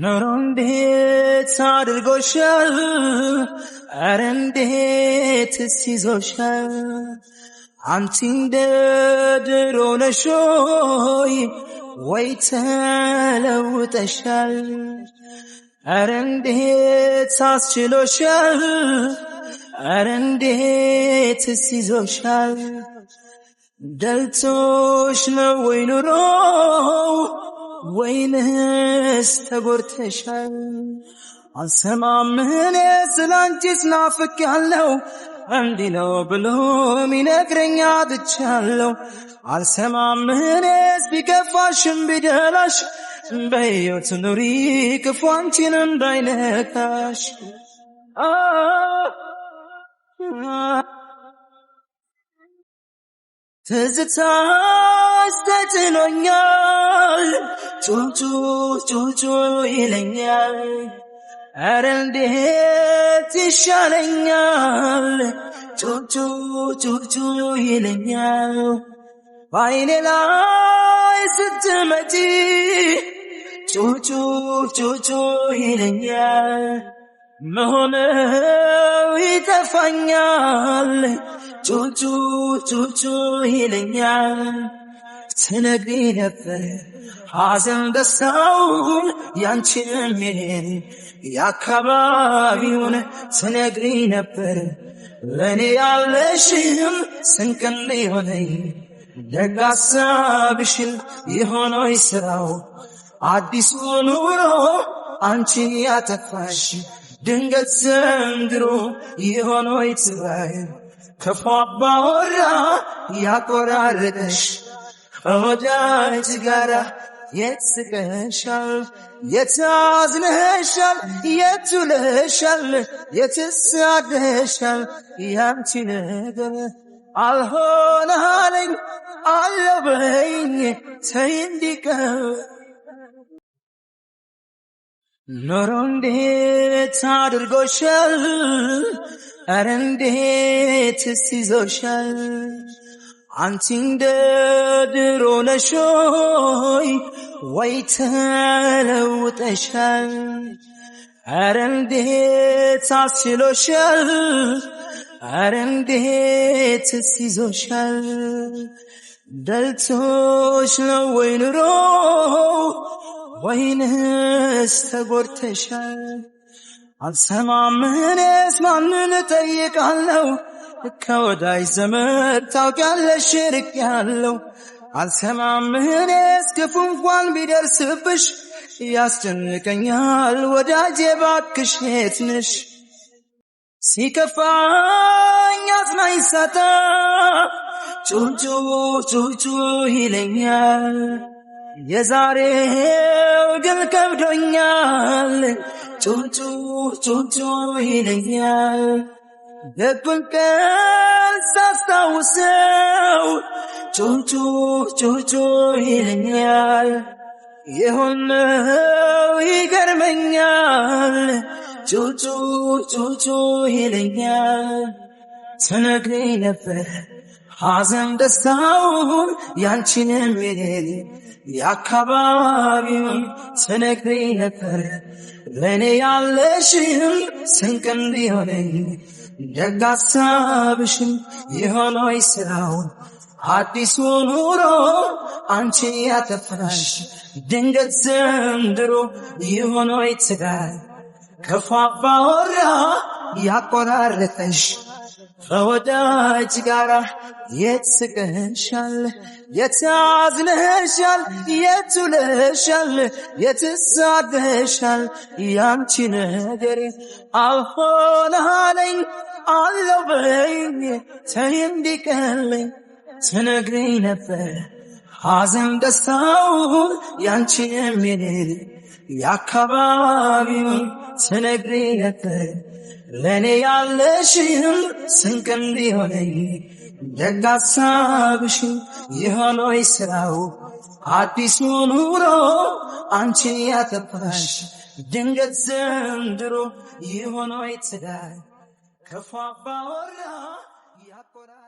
ኑሮ እንዴት አድርጎሻል? ኧረ እንዴት ሲዞሻል? አንቺ እንደ ድሮ ነሽ ሆይ ወይ ተለውጠሻል? ኧረ እንዴት አስችሎሻል? ኧረ እንዴት ሲዞሻል? ደልቶሽ ነው ወይ ኑሮው ወይንስ ተጎርተሻል? አልሰማም እኔ ስላንቺስ ናፍቅ ያለው እንዲ ነው ብሎ ሚነግረኛ ትቻለው። አልሰማም እኔስ ቢከፋሽም ቢደላሽ በሕይወት ኑሪ ክፉ አንቺን እንዳይነካሽ ትዝታሽ ተጭኖኛል ጩጩ ጩጩ ይለኛል ኧረ እንዴት ይሻለኛል ጩጩ ጩጩ ይለኛል በዓይኔ ላይ ስትመጪ ጩጩ ጩጩ ይለኛል መሆነው ይጠፋኛል ጩጩ ጩጩ ይለኛል ስነግሪ ነበር ሐዘን ደስታውን ያንቺንም የኔን የአካባቢውን ስነግሪ ነበር ለእኔ ያለሽም ስንቅል የሆነኝ ደጋሳብሽን ሐሳብሽን የሆነው ስራው አዲሱ ኑሮ አንቺን ያተፋሽ ድንገት ዘንድሮ የሆነው ትባይ ክፉ አባወራ ያቆራረጠሽ ወዳጅ ጋራ የት ስቀሻል? የት አዝነሻል? ያንቺ ነገር አልሆነ አለኝ አለበኝ ተይ እንዲቀር ኖሮ እንዴት አድርጎሻል? አረ እንዴት እስይዞሻል? አንቺ እንደ ድሮ ነሽ ሆይ ወይ ተለውጠሻል? አረ እንዴት አስችሎሻል? አረ እንዴት እስይዞሻል? ደልቶሽ ነው ወይ ኑሮ ወይንስ ተጎድተሻል? አልሰማም እኔስ ማንን እጠይቃለሁ? ከወዳጅ ዘመድ ታውቂያለሽ ርቅ ያለው አልሰማም እኔስ ክፉ እንኳን ቢደርስብሽ ያስጨንቀኛል ወዳጄ ባክሽ የት ነሽ? ሲከፋኝ አጽናኝ ሳጣ ጩሁ ጩሁ ይለኛል የዛሬው ግን ከብዶኛል፣ ጩንጩ ጩንጩ ይለኛል። ደጉን ቀን ሳስታውሰው ጩንጩ ጩንጩ ይለኛል። የሆነው ይገርመኛል፣ ጩንጩ ጩንጩ ይለኛል። ተነግሬ ነበር ሐዘን ደስታውን ያንቺን የኔን የአካባቢውን ስነግሪ ነበር ለእኔ ያለሽም ስንቅ እንዲሆነኝ ደግ ሐሳብሽም ስራው ስራውን አዲሱ ኑሮ አንቺ ያተፈራሽ ድንገት ዘንድሮ የሆነይ ትዳር ከፋ ወራ ያቆራረጠሽ ከወዳጅ ጋራ የት ስቀሻል? የት አዝነሻል? የት ውለሻል? የት ሳደሻል? ያንቺ ነገር አልሆነ አለው በይኝ ተይ እንዲቀለኝ ትነግሪኝ ነበር ሐዘን ደስታውን ያንቺ የሚል የአካባቢውን ትነግሪኝ ነበር ለእኔ ያለሽም ስንቅም ቢሆነኝ ደግ የሆነ የሆነይ ስራው አዲሱ ኑሮ አንቺን ያተፋሽ ድንገት ዘንድሮ የሆነይ ትዳር ከፏ ባወራ ያቆራ